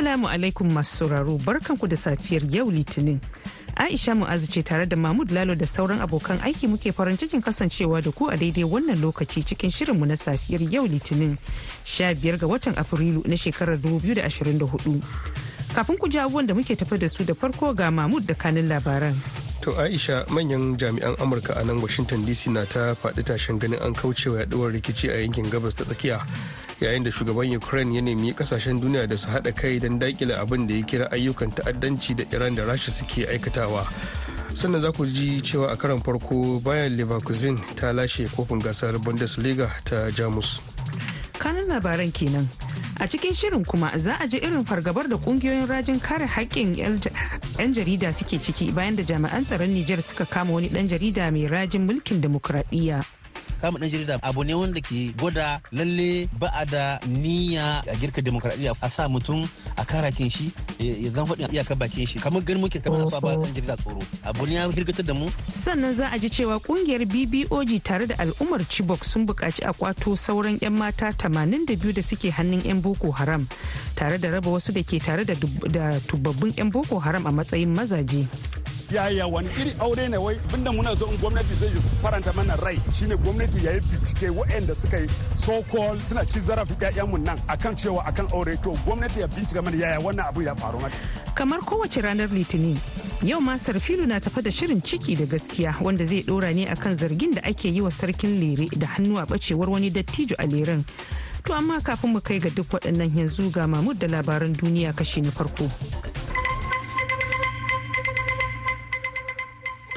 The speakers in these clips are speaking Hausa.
Assalamu alaikum masu sauraro barkanku da safiyar yau litinin. Aisha Mu'azu ce tare da Mahmud Lalo da sauran abokan aiki muke farin cikin kasancewa da ku a daidai wannan lokaci cikin shirinmu na safiyar yau litinin 15 ga watan Afrilu na shekarar 2024. Kafin ku ji abubuwan da muke tafi da su da farko ga Mahmud da kanin labaran. To Aisha manyan jami'an Amurka a nan Washington DC na ta faɗi tashin ganin an kaucewa yaduwar rikici a yankin gabas ta tsakiya yayin da shugaban ukraine ya nemi kasashen duniya da su haɗa kai don dakile abin da ya kira ayyukan ta'addanci da iran da rasha suke aikatawa sannan za ku ji cewa a karan farko bayan leverkusen ta lashe kofin gasar bundesliga ta jamus kanan labaran kenan a cikin shirin kuma za a ji irin fargabar da kungiyoyin rajin kare haƙƙin 'yan jarida suke ciki bayan da jami'an tsaron niger suka kama wani ɗan jarida mai rajin mulkin demokuraɗiyya. kama dan jarida abu ne wanda ke gwada lalle ba a da niyya a girka demokradiyya a sa mutum a kara kin shi ya zan faɗin iyakar bakin shi kamar ganin muke kamar asuwa ba dan jarida tsoro abu ne ya firgitar da mu sannan za a ji cewa kungiyar BBOG tare da al'ummar Chibok sun buƙaci a kwato sauran 'yan mata 82 da suke hannun 'yan Boko Haram tare da raba wasu da ke tare da tubabbun 'yan Boko Haram a matsayin mazaje. yaya wani iri aure ne wai binda muna zo in gwamnati zai faranta mana rai shine gwamnati ya yi bincike waɗanda suka yi so called suna ci zarafi mu nan akan cewa akan aure to gwamnati ya bincika mana yaya wannan abu ya faru mata. kamar kowace ranar litinin yau ma sarfilu na tafa da shirin ciki da gaskiya wanda zai dora ne akan zargin da ake yi wa sarkin lere da hannu a bacewar wani dattijo a leren to amma kafin mu kai ga duk waɗannan yanzu ga mamud da labaran duniya kashi na farko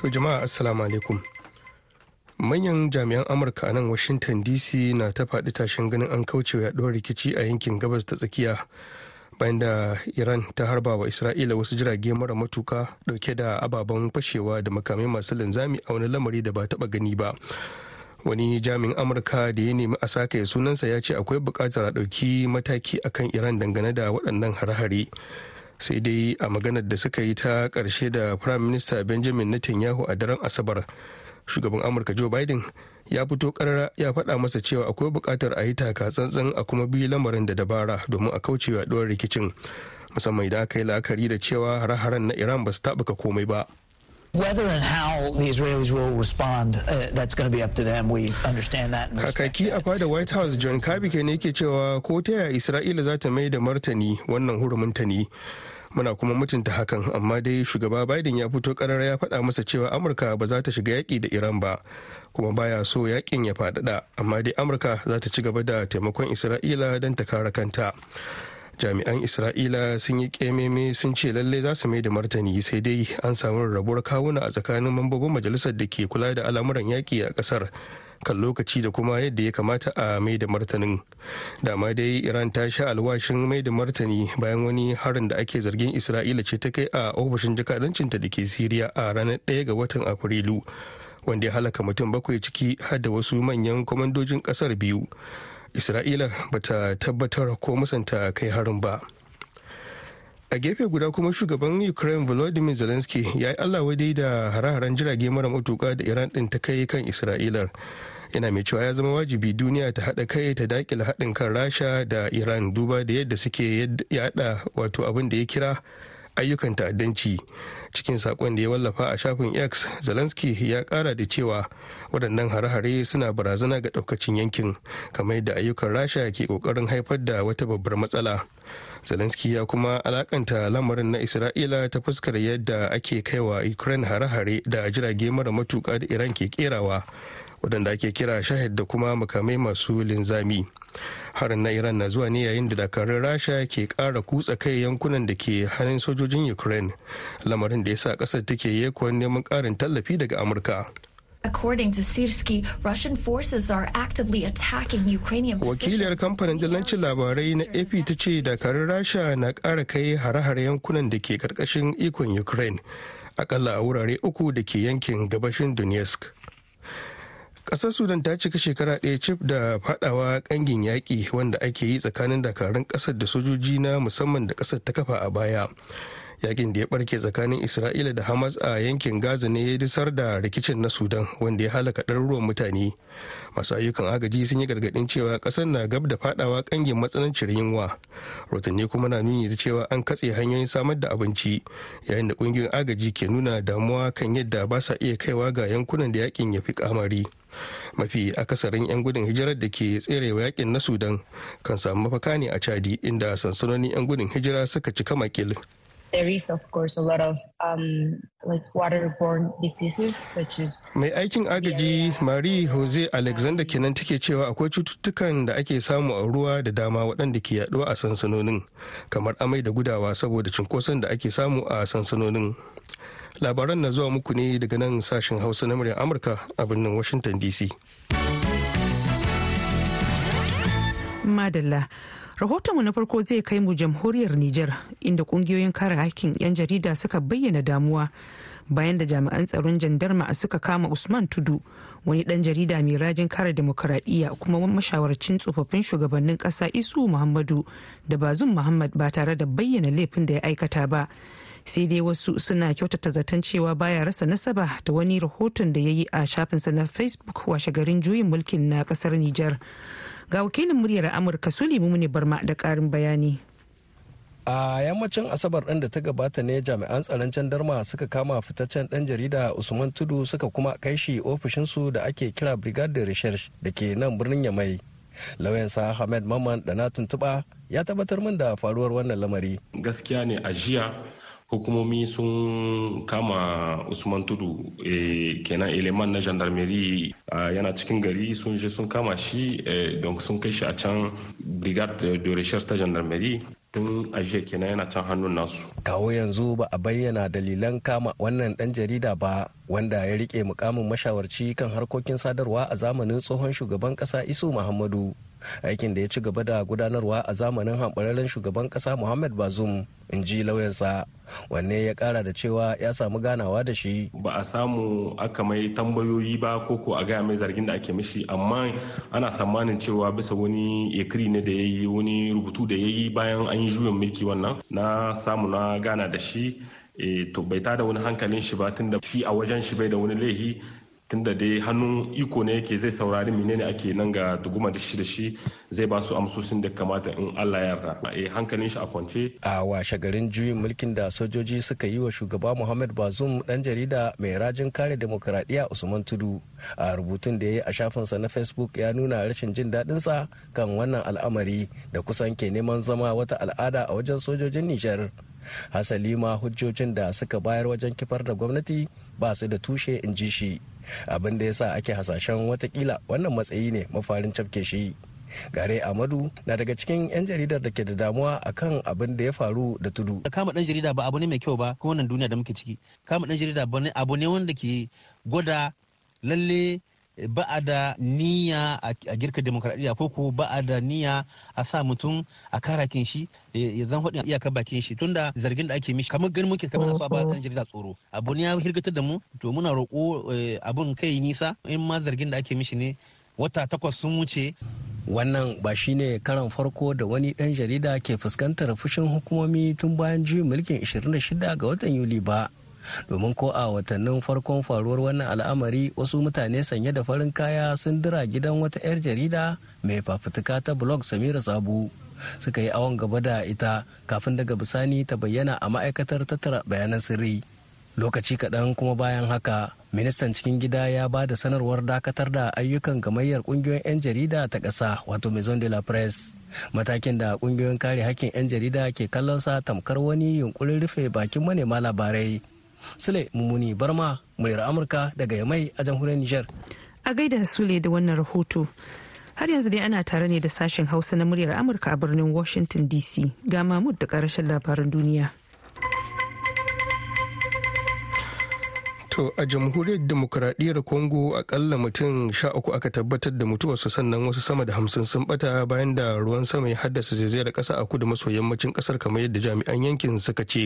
To jama'a assalamu alaikum. Manyan jami'an Amurka a nan Washington DC na ta faɗi tashin ganin an kauce wa yaɗuwar rikici a yankin gabas ta tsakiya bayan da Iran ta harba wa Isra'ila wasu jirage mara matuka ɗauke da ababen fashewa da makamai masu linzami a wani lamari da ba taɓa gani ba. wani jami'in amurka da ya nemi a sake sunansa ya ce akwai bukatar a ɗauki mataki akan iran dangane da waɗannan hare-hare sai dai a maganar da suka yi ta karshe da prime minister benjamin netanyahu a daren asabar shugaban amurka joe biden ya fito karara ya faɗa masa cewa akwai bukatar a yi taka tsantsan a kuma bi lamarin da dabara domin a kaucewa ɗuwar rikicin musamman idan aka yi la'akari da cewa hare-haren na iran ba su taɓuka komai ba Whether and how the Israelis will respond, uh, that's going to be up to them. We understand that. Kakaki a fada White House John Kirby ne ke cewa ko ta yaya Isra'ila za ta mai da martani wannan ta ne. muna kuma mutunta hakan amma dai shugaba biden ya fito karara ya faɗa masa cewa amurka ba za ta shiga yaƙi da iran ba kuma baya so yaƙin ya faɗaɗa amma dai amurka za ta ci gaba da taimakon isra'ila don ta kare kanta jami'an isra'ila sun yi kememe sun ce lallai za su mai da martani sai dai an samu rabuwar kawuna a tsakanin mambobin majalisar da ke kula da al'amuran yaƙi a ƙasar kan lokaci da kuma yadda ya kamata a mai da martanin dama dai iran ta sha alwashin mai da martani bayan wani harin da ake zargin isra'ila ce ta kai a ofishin jakadancinta da ke siriya a ranar 1 ga watan afrilu wanda ya halaka mutum bakwai ciki har da wasu manyan kwamandojin kasar biyu isra'ila bata tabbatar ko musanta kai harin ba a gefe guda kuma shugaban ukraine volodymyr zelensky ya yi allah wadai da hare-haren jirage mara matuka da iran din ta kai kan isra'ila yana mai cewa ya zama wajibi duniya ta haɗa kai ta dakila haɗin kan rasha da iran duba da yadda suke yada wato abin da ya kira ayyukan ta'addanci cikin saƙon da ya wallafa a shafin x zelensky ya kara da cewa waɗannan hare-hare suna barazana ga ɗaukacin yankin kamar yadda ayyukan rasha ke ƙoƙarin haifar da wata babbar matsala zelensky ya kuma alakanta lamarin na isra'ila ta fuskar yadda ake kaiwa ukraine hare-hare da jirage mara matuka da iran ke kerawa wadanda ake kira shahid da kuma makamai masu linzami harin na iran na zuwa ne yayin da dakarun rasha ke ƙara kutsa kai yankunan da ke hannun sojojin ukraine lamarin da ya sa ƙasar take yekuwan neman ƙarin tallafi daga amurka According to Sirsky, Russian forces are actively attacking Ukrainian Wakiliyar kamfanin dillancin labarai na AP ta ce dakarun Rasha na ƙara kai hare-hare yankunan da ke ƙarƙashin ikon Ukraine, akalla a wurare uku da ke yankin gabashin Donetsk. Ƙasar Sudan ta cika shekara ɗaya cif da fadawa ƙangin yaƙi wanda ake yi tsakanin dakarun ƙasar da sojoji na musamman da ƙasar ta kafa a baya. yakin da ya barke tsakanin isra'ila da hamas a yankin gaza ne ya disar da rikicin na sudan wanda ya halaka ɗaruruwan mutane masu ayyukan agaji sun yi gargaɗin cewa ƙasar na gab da fadawa ƙangin matsanancin yunwa rotanni kuma na nuni da cewa an katse hanyoyin samar da abinci yayin da ƙungiyoyin agaji ke nuna damuwa kan yadda ba sa iya kaiwa ga yankunan da yakin ya fi kamari mafi akasarin 'yan gudun hijirar da ke tserewa yakin na sudan kan samu mafaka ne a chadi inda sansanonin 'yan gudun hijira suka cika makil There is, um, Mai aikin agaji Marie Jose Alexander kenan take cewa akwai cututtukan da ake samu a ruwa da dama waɗanda ke yaɗuwa a sansanonin kamar amai da gudawa saboda cunkoson da ake samu a sansanonin. Labaran na zuwa muku ne daga nan sashen Hausa na muryar Amurka a birnin Washington DC. Madalla. rahotonmu na farko zai kai mu jamhuriyar Nijar inda kungiyoyin kare hakkin 'yan jarida suka bayyana damuwa bayan da jami'an tsaron jandarma suka kama Usman Tudu wani dan jarida mai rajin kare demokuraɗiyya kuma mashawarcin tsofaffin shugabannin ƙasa Isu Muhammadu da Bazum Muhammad ba tare da bayyana laifin da ya aikata ba sai dai wasu suna kyautata zaton cewa baya rasa nasaba da wani rahoton da ya yi a shafinsa na facebook washe garin juyin mulkin na kasar niger ga wakilin muryar amurka sulimu mune barma da karin bayani a yammacin asabar ɗin da ta gabata ne jami'an tsaron jandarma suka kama fitaccen ɗan jarida usman tudu suka kuma kai shi ofishinsu da ake kira brigade recherche da ke nan birnin yamai lauyansa ahmed maman da na tuntuɓa ya tabbatar min da faruwar wannan lamari gaskiya ne a jiya hukumomi sun kama usman tudu eh, kenan eleman na gendarmerie ah, yana cikin gari sun je sun kama shi eh, don sun kai shi a can brigade de recherche ta gendarmerie tun ajiye kenan yana can hannun nasu kawo yanzu ba a bayyana dalilan kama wannan dan jarida ba wanda ya rike mukamin mashawarci kan harkokin sadarwa a zamanin tsohon shugaban kasa isu muhammadu aikin da ya ci gaba da gudanarwa a zamanin hamɓararren shugaban ƙasa muhammad bazum in ji lauyansa wanne ya kara da cewa ya samu ganawa da shi ba a samu aka mai tambayoyi ba ko ko a gaya mai zargin da ake mishi amma ana tsammanin cewa bisa wani ekiri ne da ya yi wani rubutu da ya yi bayan an yi juyin mulki wannan na samu na gana da shi eh, to bai tada wani hankalin shi ba tun da shi a wajen shi bai da wani laihi tunda dai hannun iko ne yake zai saurari menene ake nan ga duguma da shi da shi zai ba su amsoshin da kamata in Allah ya yarda eh hankalin shi a kwance a washe garin juyin mulkin da sojoji suka yi wa shugaba Muhammad bazum dan jarida mai rajin kare demokradiyya Usman Tudu a rubutun da ya yi a shafinsa na Facebook ya nuna rashin jin daɗin sa kan wannan al'amari da kusan ke neman zama wata al'ada a wajen sojojin Nijar hasali ma hujjojin da suka bayar wajen kifar da gwamnati ba su da tushe in ji shi abin da ya sa ake hasashen watakila wannan matsayi ne mafarin cafke shi gare amadu na daga cikin 'yan jaridar da ke da damuwa akan abin da ya faru da tudu kama dan jarida ba abu ne mai kyau ba ko wannan duniya da muke ciki kama dan jarida abu ne wanda ke gwada lalle ba a da niyya a girka demokradiyya ko ko ba a da niyya a sa mutum a karakin shi ya zan hudu iyakar bakin shi tunda zargin da ake mishi kamar gani muke kamar nasu ba kan jarida tsoro abu ne ya hirgatar da mu to muna roƙo eh, abun kai nisa in ma zargin da ake mishi ne wata takwas sun wuce wannan ba shi ne karan farko da wani ɗan jarida ke fuskantar fushin hukumomi tun bayan juyin mulkin 26 ga watan yuli ba domin ko a watannin farkon faruwar wannan al'amari wasu mutane sanye da farin kaya sun dira gidan wata 'yar jarida mai fafutuka ta blog samira sabu suka yi awon gaba da ita kafin daga bisani ta bayyana a ma'aikatar tattara bayanan sirri lokaci kaɗan kuma bayan haka ministan cikin gida ya ba da sanarwar dakatar da ayyukan gamayyar ƙungiyoyin 'yan jarida ta ƙasa wato maison de la presse matakin da ƙungiyoyin kare hakkin 'yan jarida ke kallon sa tamkar wani yunkurin rufe bakin manema labarai sule mummuni barma muryar amurka daga yamai a jamhuriyar niger a gaida sule da wannan rahoto har yanzu dai ana tare ne da sashen hausa na muryar amurka a birnin washington dc ga mamud da karashen labaran duniya To a jamhuriyar demokuraɗiyar Congo akalla mutum sha uku aka tabbatar da mutuwarsa sannan wasu sama da hamsin sun bata bayan da ruwan sama ya haddasa zaizayar ƙasa a kudu maso yammacin ƙasar kamar yadda jami'an yankin suka ce.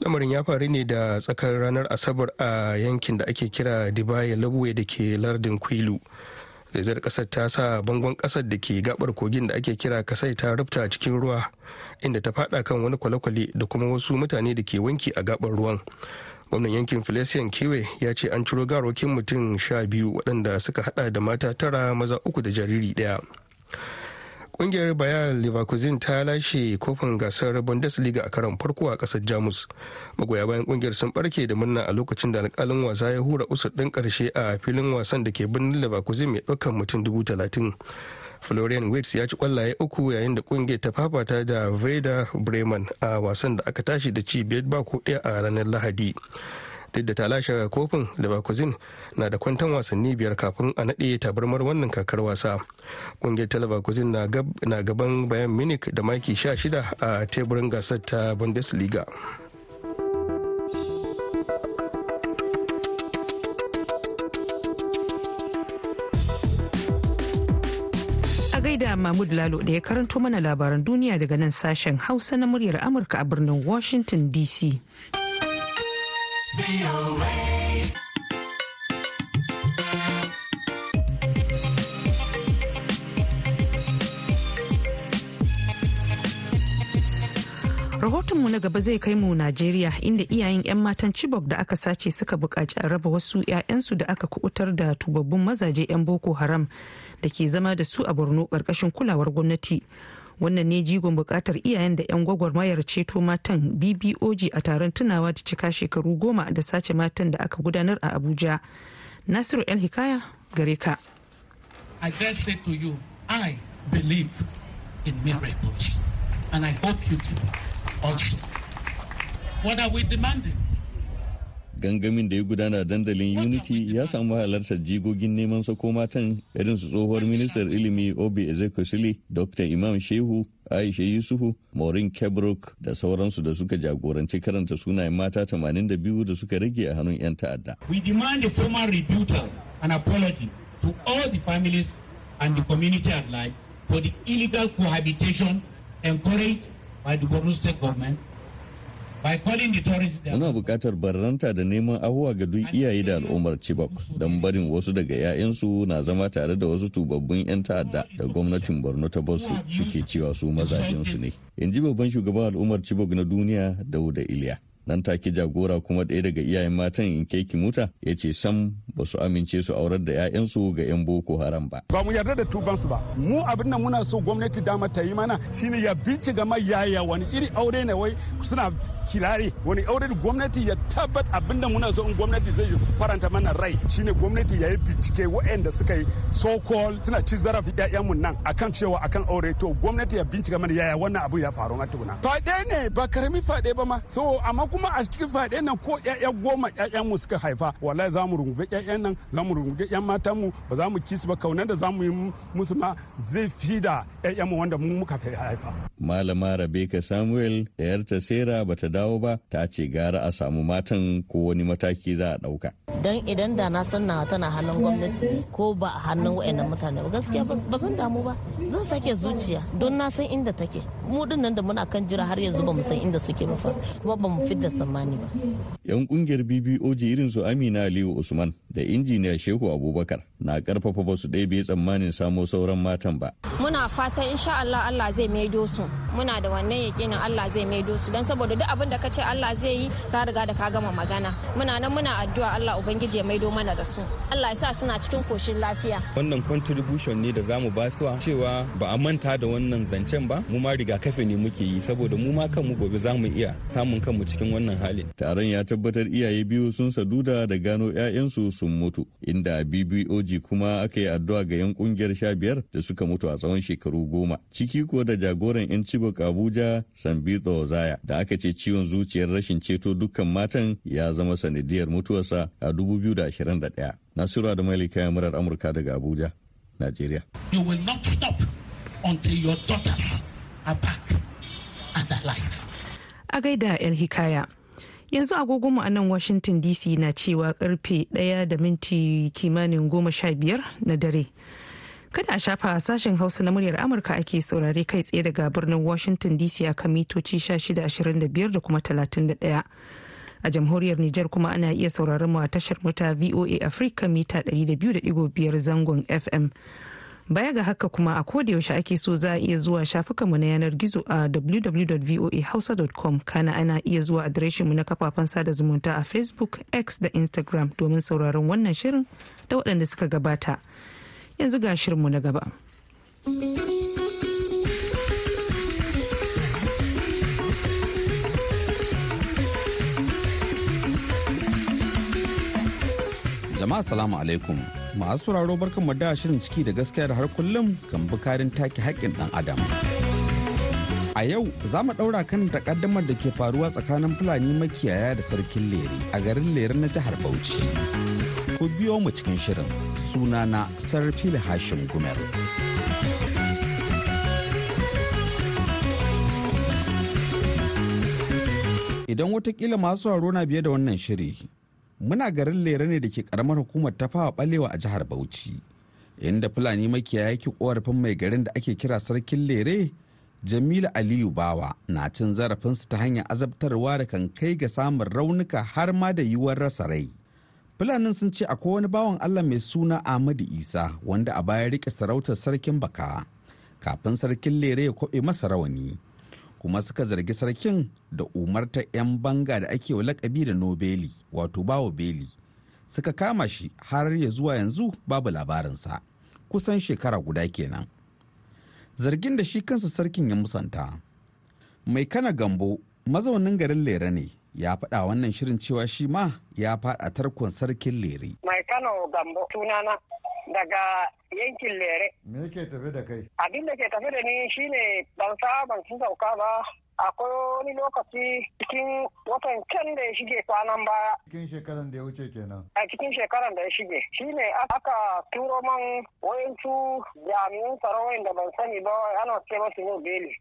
lamarin ya faru ne da tsakar ranar asabar a yankin da ake kira dibaya labuwe da ke lardin kwilu zaizayar kasar ta sa bangon ƙasar da ke gabar kogin da ake kira kasai ta rufta cikin ruwa inda ta fada kan wani kwale-kwale da kuma wasu mutane da ke wanki a gabar ruwan gwamnan yankin felician kewe ya ce an ciro garokin mutum sha biyu waɗanda suka hada da mata tara maza uku da jariri ɗaya ƙungiyar bayan leverkusen ta lashe kofin gasar bundesliga a karon farko a ƙasar jamus magoya bayan ƙungiyar sun barke da murna a lokacin da alkalin wasa ya hura usur ɗin ƙarshe a filin wasan da ke birnin leverkusen mai ɗaukar mutum dubu talatin florian wicks ya ci kwallaye uku yayin da kungiyar ta fafata da veda bremen a wasan da aka tashi da ci biyar ba ko ɗaya a ranar lahadi duk da ta lashe kofin leverkusen na da kwantan wasanni biyar kafin a naɗe tabarmar wannan kakar wasa ƙungiyar ta leverkusen na gaban bayan munich da maki 16 a teburin gasar ta bundesliga gaida Mahmud Lalo da ya karanto mana labaran duniya daga nan sashen Hausa na muryar Amurka a birnin Washington DC. Rahotonmu na gaba zai kai mu Najeriya inda iyayen 'yan matan Chibok da aka sace suka bukaci a raba wasu 'ya'yansu da aka kubutar da tubabbun mazaje 'yan Boko Haram da ke zama da su a Borno ƙarƙashin kulawar gwamnati. Wannan ne jigon bukatar iyayen da 'yan gwagwarmayar ceto matan BBOG a taron tunawa da cika shekaru goma da sace matan da aka gudanar a Abuja. Nasiru El Hikaya gare ka. I and I hope you too. also. What are we demanding? gangamin da ya gudana dandalin unity ya samu halartar jigogin neman sako matan irin su tsohuwar ministar ilimi obi ezekwesili dr imam shehu aisha yusufu maureen kebrok da sauransu da suka jagoranci karanta sunayen mata 82 da suka rage a hannun 'yan ta'adda we demand a formal rebuttal and apology to all the families and the community at life for the illegal cohabitation encouraged muna bukatar buƙatar barranta da neman ahuwa ga duk iyaye da al'ummar Chibok don barin wasu daga 'ya'yansu na zama tare da wasu tubabbun 'yan ta'adda da gwamnatin Borno ta Bosu suke cewa su mazajensu ne. In ji babban shugaban al'ummar Chibok na duniya Dauda Iliya. nan take jagora kuma ɗaya daga iyayen matan in ki muta ya ce sam ba su amince su aurar da 'ya'yansu ga 'yan boko haram ba ba mu yarda da tubansu ba mu abin nan muna so gwamnati dama ta yi mana shine ya bincika ma yaya wani iri aure ne wai suna kirari wani auren gwamnati ya tabbat da muna so in gwamnati zai faranta mana rai shine gwamnati ya yi bincike waɗanda suka yi so called suna ci zarafi ƴaƴanmu nan akan cewa akan aure to gwamnati ya bincika mana yaya wannan abu ya faru na tukuna faɗe ne ba karami faɗe ba ma so amma kuma a cikin faɗe nan ko ƴaƴa goma mu suka haifa wallahi za mu rungume ƴaƴan nan za mu rungume ƴan matanmu ba za mu kisu ba kaunan da za mu yi musu ma zai fi da ƴaƴanmu wanda mu muka haifa malama rabeka samuel da yarta sera ba bata dawo ba ta ce gara a samu matan ko wani mataki za a ɗauka. Dan idan da na san tana hannun gwamnati ko ba a hannun wayannan mutane ba gaskiya ba zan damu ba zan sake zuciya don na san inda take mu din nan da muna kan jira har yanzu ba mu san inda suke ba fa kuma ba mu fitar tsammani ba yan kungiyar bbog irin su Amina Aliyu Usman da injiniya Shehu Abubakar na karfafa ba su ɗaya bai tsammanin samo sauran matan ba muna fatan insha Allah Allah zai maido su muna da wannan yakinin Allah zai maido su dan saboda duk abin abin da ka ce Allah zai yi ka riga da ka gama magana muna nan muna addu'a Allah ubangiji ya maido mana da su Allah ya sa suna cikin koshin lafiya wannan contribution ne da zamu basuwa cewa ba a manta da wannan zancen ba mu ma kafe ne muke yi saboda mu ma kanmu gobe zamu iya samun kanmu cikin wannan halin taron ya tabbatar iyaye biyu sun saduda da gano 'ya'yansu sun mutu inda BBOG kuma aka yi addu'a ga 'yan kungiyar sha biyar da suka mutu a tsawon shekaru goma ciki ko da jagoran 'yan cibok Abuja Sambito Zaya da aka ce ciwon ciwon zuciyar rashin ceto dukkan matan ya zama sanadiyar mutuwarsa a 2021 nasiru da malika ya murar amurka daga abuja nigeria you will not stop until your daughters are back and alive a gaida el hikaya yanzu agogonmu a nan washington dc na cewa karfe 1 da minti kimanin 15 na dare Kada a shafa sashen Hausa na muryar Amurka ake saurare kai tsaye daga birnin Washington DC a kan mitoci 1625 da kuma 31. A jamhuriyar Nijar kuma ana iya sauraron mu a tashar mota VOA Africa mita 200.5 zangon FM. Baya ga haka kuma a yaushe ake so za a iya zuwa shafukanmu na yanar gizo a www.voahausa.com kana ana iya zuwa adireshinmu na kafafen sada zumunta a Facebook, X da Instagram domin sauraron wannan shirin da waɗanda suka gabata. yanzu ga shirinmu na gaba. jama'a salamu alaikum masu sauraro mu da shirin ciki da gaskiya har kullum kan bukarin take haƙƙin ɗan adam a yau za mu ɗaura kan takaddamar da ke faruwa tsakanin fulani makiyaya da sarkin lere a garin lere na jihar bauchi ku biyo mu cikin shirin sunana sarfil hashim gumel. idan watakila masu haro na biye da wannan shiri muna garin lere ne da ke karamar hukumar ta fawa balewa a jihar bauchi inda fulani makiyaya ke korafin mai garin da ake kira sarkin lere jamilu aliyu bawa na cin zarafinsu ta hanyar azabtarwa da kan kai ga samun raunuka har ma da yiwuwar rasa rai Fulanin sun ce akwai wani bawan Allah mai suna Ahmadu Isa wanda a baya rike sarautar sarkin baka kafin sarkin lere ya kwaɓe masa rawani. Kuma suka zargi sarkin da umarta 'yan banga da ake wa lakabi da Nobeli wato bawo beli. Suka kama shi har ya zuwa yanzu babu labarinsa kusan shekara guda kenan. Zargin da shi kansa sarkin ya musanta. Mai kana gambo mazaunin garin Lera ne ya faɗa wannan shirin cewa shi ma ya faɗa tarkon sarkin lere. Mai Kano Gambo sunana daga yankin lere. Me yake tafi da kai? Abin da ke tafe da ni shine ban sa ban sauka ba akwai wani lokaci cikin watan can da ya shige kwanan baya. Cikin shekaran da ya wuce kenan. A cikin shekaran da ya shige. Shine ne aka turo man wayancu jami'an tsaro da ban sani ba ana ce masu yau beli.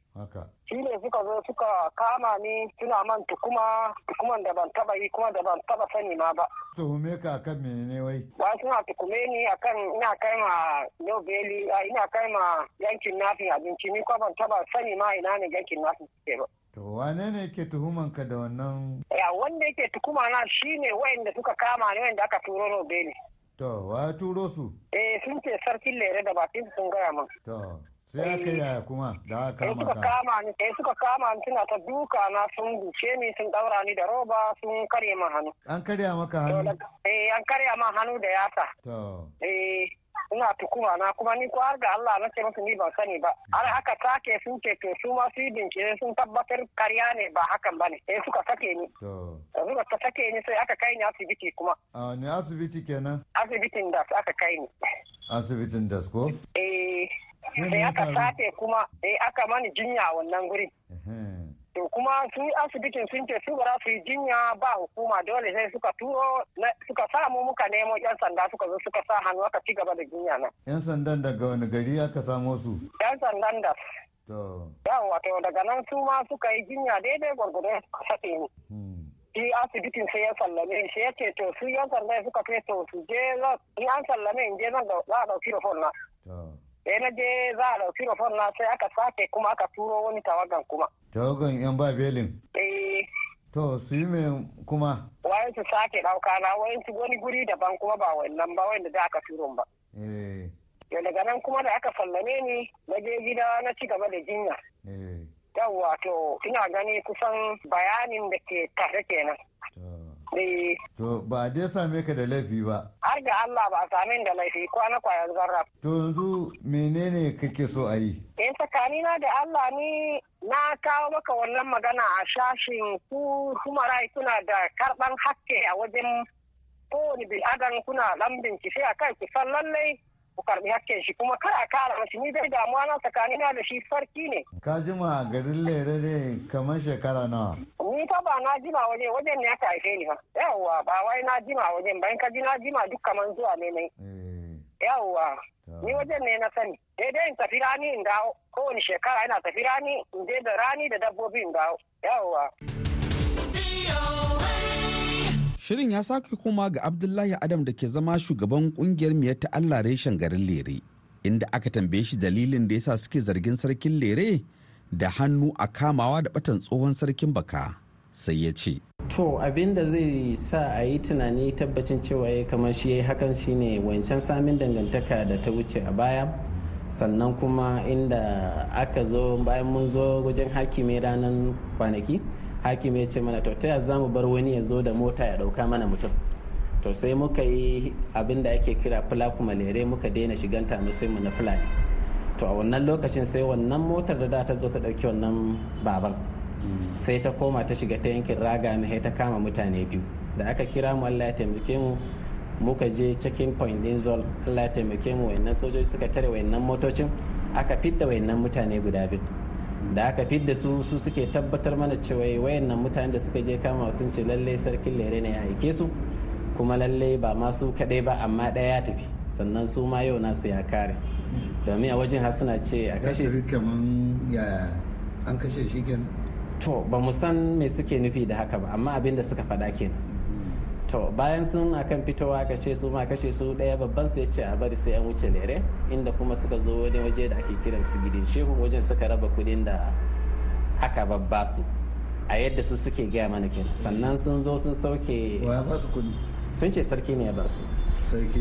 Shi ne suka zo suka kama ni suna man tukuma tukuman da ban taba yi kuma da ban taba sani ma ba. Tuhume ka akan menene wai? Ba suna tukume ni akan ina kai ma a ina kai ma yankin nafin abinci ni kuma ban taba sani ma ina ne yankin nafin suke ba. To wane ne ke tuhuman ka da wannan? Ya wanda yake tukuma na shine wayanda suka kama ni wayanda aka turo beli To wa turo su? Eh sun ce sarkin lere da ba sun gaya min. To. sai aka yaya kuma da aka kama ka kama ni sai suka kama ni tana ta duka na sun buce ni sun daura ni da roba sun kare ma hannu an karya maka hannu eh an karya ma hannu da yata to eh ina tukuma na kuma ni ko har da Allah na ce musu ni ban sani ba har aka take sun ke to su ma su yi bincike sun tabbatar karya ne ba hakan bane sai eh, suka sake ni to suka sake ni sai aka kai ni asibiti kuma a ne asibiti kenan asibitin da aka kai ni asibitin da ko eh sai aka sake kuma eh aka mani jinya wannan guri to kuma su asibitin sun ce su ba su yi jinya ba hukuma dole sai suka turo suka mu muka nemo yan sanda suka zo suka sa hannu aka ci gaba da jinya na yan sandan daga wani gari aka samo su yan sandan da to yawa to daga nan su ma suka yi jinya daidai gwargwado suka sake ni hmm. shi asibitin sai ya sallame shi ya ce to su yan sallame suka kai to su je ni an sallame in je zan ga za a ɗauki na sai eh, na je za a ɗauki rufon na sai aka sake kuma aka turo wani tawagan kuma. Tawagan yan ba belin? Eh. To su yi mai kuma? Wayan su sake ɗauka na wayan su wani guri daban kuma ba wannan ba wanda da aka turo ba. Eh. Da daga nan kuma da aka sallame ni na je gida na ci gaba da jinya. Eh. Yawwa to ina gani kusan bayanin da ke tare kenan. Eh. To ba a dai same ka da laifi ba. Har da Allah ba a same da laifi na kwaya zarra. To yanzu menene kake so a yi? In eh, tsakanina da Allah ni na kawo maka wannan magana a shashin ku kuma kuna da karban hakke a wajen kowane bil'adan kuna dan bincike a kan kisan lallai ku karɓi hakkin shi kuma kar a kara masu ni dai damuwa na tsakanin da shi sarki ne. Ka jima garin lere ne kamar shekara nawa. Ni fa ba na jima waje wajen ne aka haife ni fa. Yawwa ba wai na jima wajen bayan ka ji na jima duk kamar zuwa ne mai. Eh. Yawwa. Ni wajen ne na sani. Daidai in tafi rani in dawo kowane shekara ina tafi rani in je da rani da dabbobi in dawo. Yawwa. Shirin ya sake koma ga Abdullahi Adam da ke zama shugaban kungiyar miyar ta Allah reshen garin Lere, inda aka tambaye shi dalilin da yasa suke zargin sarkin Lere da hannu a kamawa da batan tsohon sarkin baka sai ya ce. To abin da zai sa a yi tunani tabbacin cewa ya kamar shi ya yi hakan shine wancan samin dangantaka da ta wuce a baya sannan kuma inda aka zo bayan mun zo wajen hakimi ranar kwanaki hakimi ya ce mana to ta za mu bar wani ya zo da mota ya dauka mana mutum to sai muka yi abin da ake kira fulaku malere muka daina shiganta mu sai mu na fulani to a wannan lokacin sai wannan motar da da ta zo ta dauki wannan baban mm. sai ta koma ta shiga ta yankin raga na ta kama mutane biyu da aka kira mu Allah ya taimake mu muka je checking point din zol Allah ya taimake mu wayannan sojoji suka tare wayannan motocin aka fitta wayannan mutane guda biyu da aka da su su suke tabbatar mana cewa wayannan mutanen da suka je kama sun ce lalle sarkin lere ne ya haike su kuma lalle ba masu kaɗai ba amma ɗaya ya tafi sannan su ma yau nasu ya kare domin a wajen suna ce a kashe su ya an kashe shi kenan to ba mu san me suke nufi da haka ba amma abin da suka faɗa kenan to bayan sun akan fitowa kashe su ma kashe su daya babban sai ce a bari sai an wuce lere inda kuma suka zo wani waje da ake kiran su gidin shehu wajen suka raba kudin da aka babba su a yadda su suke gaya mana kenan sannan sun zo sun sauke wa ba su kudi sun ce sarki ne ya ba su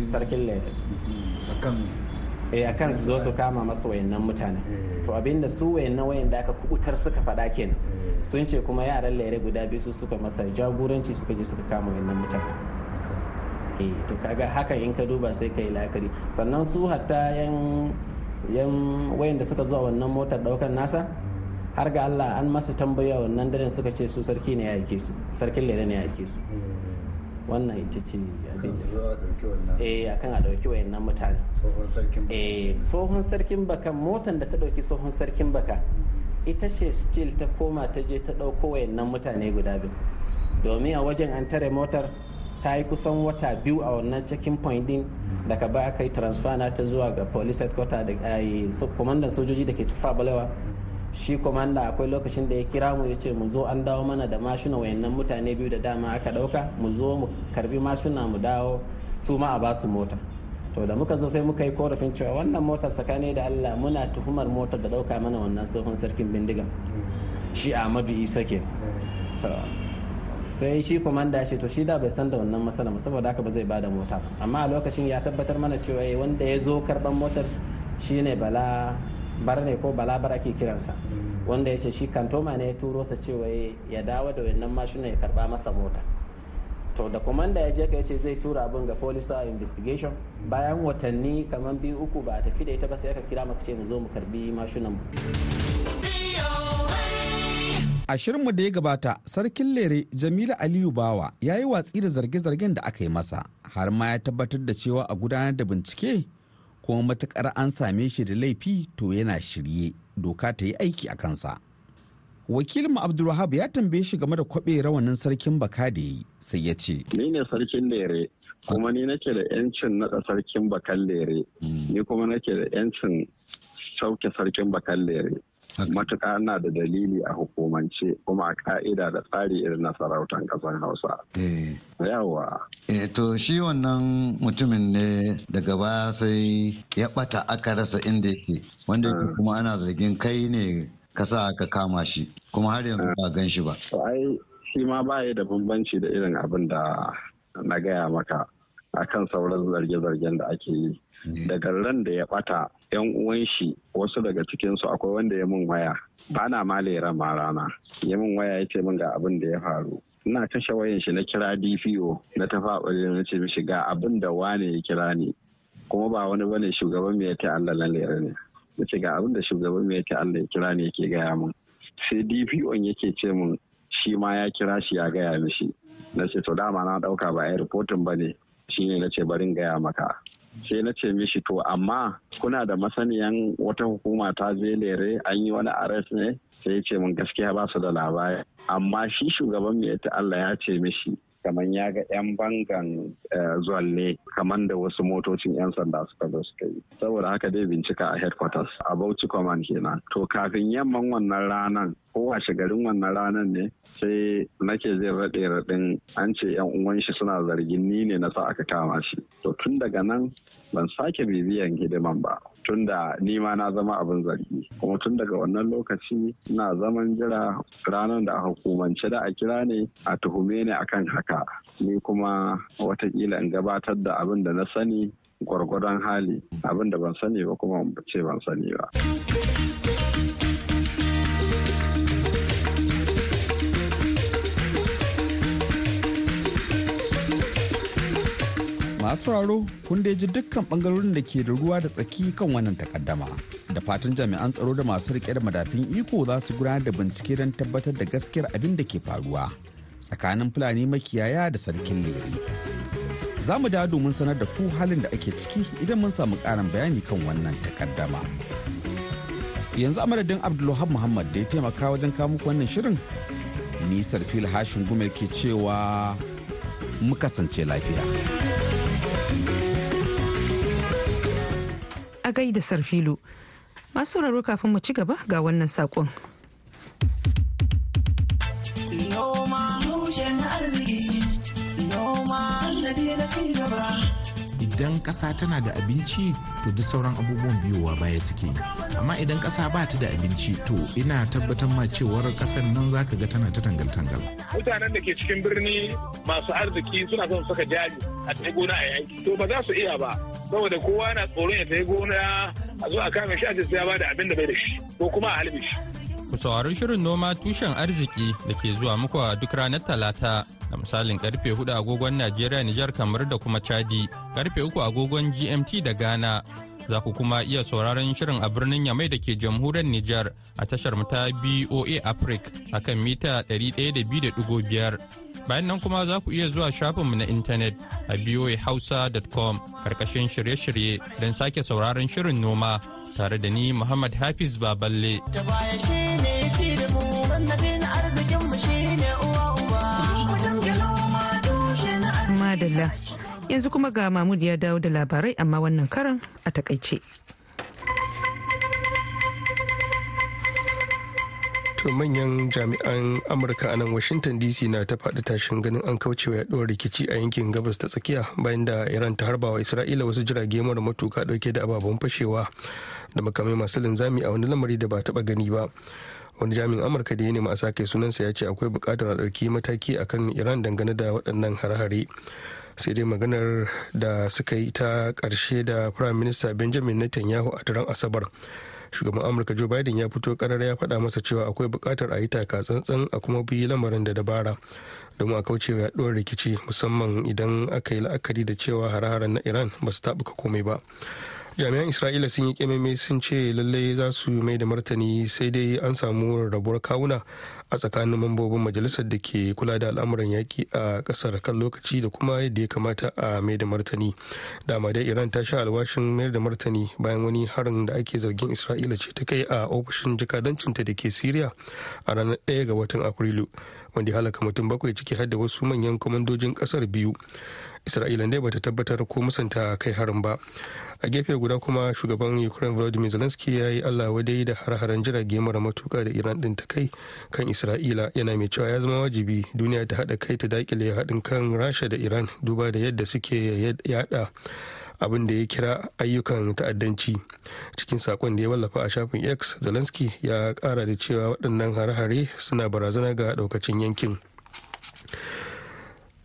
sarkin lere eh akan su zo su kama masa wayannan mutane eh. to abinda su wayannan wayanda aka kubutar suka faɗa kenan eh. sun ce kuma yaran lere guda biyu su suka masa jagoranci suka je suka kama wayannan mutane eh to kaga haka in ka duba sai kai la'akari sannan su hatta yan yan wayanda suka zo wannan motar daukar nasa hmm. har ga Allah an masu tambaya wannan daren suka ce su sarki ne ya yake su sarkin lere ne ya yake su eh. wannan ita ce abin da eh akan a dauki wayannan mutane tsohon sarkin eh tsohon sarkin baka motan da ta dauki tsohon sarkin baka ita ce still ta koma ta je ta dauko wayannan mutane guda biyu domin a wajen an tare motar ta yi kusan wata biyu a wannan checking point din daga ba aka yi transfer na ta zuwa ga police headquarter da eh, commandant sojoji da ke tufa balewa shi komanda akwai lokacin da ya kira mu ya ce mu zo an dawo mana da mashina wayannan mutane biyu da dama aka dauka mu zo mu karbi mashina mu dawo su ma a basu mota to da muka zo sai muka yi korafin cewa wannan motar sakane da Allah muna tuhumar motar da dauka mana wannan tsohon sarkin bindigan shi Ahmadu Isa ke sai shi komanda shi to shi da bai san da wannan matsala saboda haka ba zai bada mota amma a lokacin ya tabbatar mana cewa eh, wanda ya zo karban motar shine bala bar ne ko balabar ake kiransa mm. wanda ya ce shi kantoma ne ya turo sa cewa ya dawo da wannan mashina ya karba masa mota to da komanda ya je ka ce zai tura abin ga police investigation mm. bayan watanni kamar biyu uku ba a tafi da ita ba sai aka kira maka ce mu zo mu karbi mashinan mu a shirinmu da ya gabata sarkin lere jamilu aliyu bawa ya yi watsi da zarge-zargen da aka yi masa har ma ya tabbatar da cewa a gudanar da bincike kuma matukar an same shi da laifi to yana shirye doka ta yi aiki a kansa wakilin abdulwahab ya tambaye shi game da kwabe rawanin sarkin baka da yi sai ya ce ni ne sarkin lere kuma ni nake da yancin naɗa sarkin bakan lere hmm. ni kuma nake da yancin sauke sarkin bakan lere matuƙa na da dalili a hukumance kuma ka'ida da tsari irin na sarautar ƙasar hausa eh. yawa e eh, to shi wannan mutumin ne daga baya sai ya ɓata aka rasa inda yake wanda yake ah. kuma ana zargin kai ne kasa aka kama shi kuma har yanzu ba gan shi ba ah. ai shi ma ba da bambanci da irin abin da na gaya maka akan sauran zarge-zargen da ake yi daga ran da ya bata yan uwan shi wasu daga cikinsu akwai wanda ya min waya ba na ma lera ma rana ya min waya ya ce min ga abin da ya faru ina kashe wayan shi na kira DPO na tafa na ce mishi ga abin da wane ya kira ni kuma ba wani bane shugaban mai yake Allah na lera ne na ce ga abin da shugaban mai yake Allah ya kira ni yake gaya min sai DPO yake ce min shi ma ya kira shi ya gaya mishi na ce to dama na dauka ba ya rikotin ba ne shine na ce barin gaya maka sai na ce mishi to amma kuna da masaniyan wata hukuma ta je lere an yi wani arrest ne sai ce mun gaskiya ba su da labari amma shi shugaban mai ta Allah ya ce mishi kamar ya ga 'yan bangan eh, zuwalle kamar da wasu motocin 'yan sanda suka zo suka yi saboda haka dai bincika a headquarters a bauchi command kenan to kafin yamman wannan ranan ko a garin wannan ranan ne sai nake zai raɗe raɗin an ce yan uwan shi suna zargin ni ne na sa aka kama shi to tun daga nan ban sake bibiyan hidiman ba tun da ni ma na zama abin zargi kuma tun daga wannan lokaci na zaman jira ranar da a hukumance da a kira ne a tuhume ne akan haka ni kuma watakila in gabatar da abin da na sani gwargwadon hali abin da ban sani ba kuma ce ban sani ba. masu raro kun da ji dukkan bangarorin da ke da ruwa da tsaki kan wannan takaddama da fatan jami'an tsaro da masu rike da madafin iko za su gudanar da bincike don tabbatar da gaskiyar abin da ke faruwa tsakanin fulani makiyaya da sarkin lere za mu dawo domin sanar da ku halin da ake ciki idan mun samu karin bayani kan wannan takaddama yanzu a madadin abdulwahab muhammad da ya taimaka wajen kamu wannan shirin nisar fil hashin gumel ke cewa mu kasance lafiya. a gaida sarfilu masu sauraro kafin mu ci gaba ga wannan sakon. Noma idan ƙasa tana da abinci to duk sauran abubuwan biyowa baya suke amma idan ƙasa ba ta da abinci to ina tabbatar ma cewar ƙasar nan za ka ga tana ta tangal-tangal. mutanen da ke cikin birni masu arziki suna son saka jari a tsaye gona a yanki to ba za su iya ba saboda kowa na tsoron ya sai gona a zo a kame shi a ya bada abin da bai da shi ko kuma a halbe Ku saurari shirin noma tushen arziki da ke zuwa muku a duk ranar Talata da misalin karfe 4 agogon Najeriya Nijar kamar da kuma Chadi, karfe 3 agogon GMT da Ghana. Za ku kuma iya sauraron shirin a birnin Yamai da ke jamhuriyar Nijar a tashar ta BOA Africa a kan mita 102.5. Bayan nan kuma za ku iya zuwa shafinmu na intanet a boahausa.com karkashin shirye-shirye don sake sauraron shirin noma. tare da ni Muhammad Hafiz Baballe. Madalla yanzu kuma ga Mahmud ya dawo da labarai amma wannan karan a takaice. manyan jami'an amurka a nan washington dc na ta faɗi tashin ganin an kaucewa yaduwar rikici a yankin gabas ta tsakiya bayan da iran ta harba wa isra'ila wasu jirage mara matuka dauke da ababen fashewa da makamai masu linzami a wani lamari da ba taɓa gani ba wani jami'in amurka da ya nemi a sake sunansa ya ce akwai bukatar a ɗauki mataki akan iran dangane da waɗannan hare-hare sai dai maganar da suka yi ta karshe da firayim minista benjamin netanyahu a taron asabar shugaban amurka joe biden ya fito karar ya faɗa masa cewa akwai bukatar a yi taka tsantsan a kuma bi lamarin da dabara domin a kauce wa yaɗuwar rikici musamman idan aka yi la'akari da cewa hare-haren na iran ba su taɓuka komai ba jami'an isra'ila sun yi kememe sun ce lallai za su mai da martani sai dai an samu rabuwar kawuna a tsakanin mambobin majalisar da ke kula da al'amuran yaƙi a kasar kan lokaci da kuma yadda ya kamata a mai da martani dama dai iran ta sha alwashin mayar da martani bayan wani harin da ake zargin isra'ila ce ta kai a ofishin jakadancinta da ke siriya a ranar 1 ga watan afrilu wanda ya halaka mutum bakwai ciki har da wasu manyan kwamandojin ƙasar biyu isra'ila dai bata tabbatar ko musanta kai harin ba a gefe guda kuma shugaban ukraine volodymyr zelensky ya yi allah wadai da har-haren jirage mara matuka da iran din ta kai kan isra'ila yana mai cewa ya zama wajibi duniya ta haɗa kai ta dakile haɗin kan rasha da iran duba da yadda suke yaɗa abin da ya kira ayyukan ta'addanci cikin sakon da ya wallafa a shafin x zelensky ya kara da cewa waɗannan hare-hare suna barazana ga ɗaukacin yankin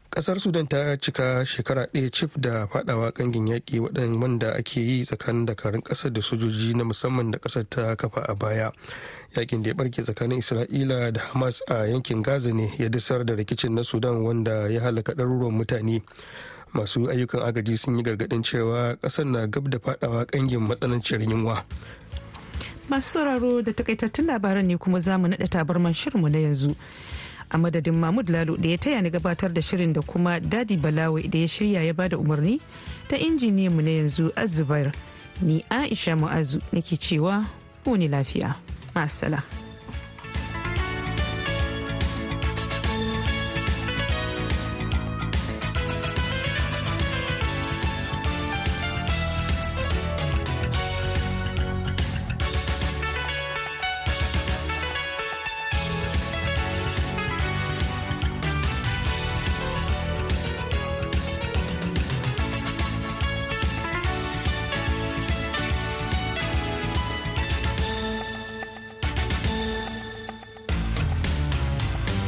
kasar sudan ta cika shekara ɗaya cif da fadawa kangin yaƙi waɗanda wanda ake yi tsakanin dakarun ƙasar da sojoji na musamman da ƙasar ta kafa a baya yakin da ya barke tsakanin isra'ila da hamas a yankin gaza ne ya disar da rikicin na sudan wanda ya halaka ɗaruruwan mutane masu ayyukan agaji sun yi gargaɗin cewa ƙasar na gab da fadawa kangin matsananciyar yunwa masu sauraro da takaitattun labaran ne kuma za mu naɗa tabarman shirinmu na yanzu a madadin mahmud lalo da ya taya ni gabatar da shirin da kuma dadi balawai da ya shirya ya bada umarni ta injiniyan mu na yanzu azubair ni aisha mu'azu nake cewa ku ni lafiya masala.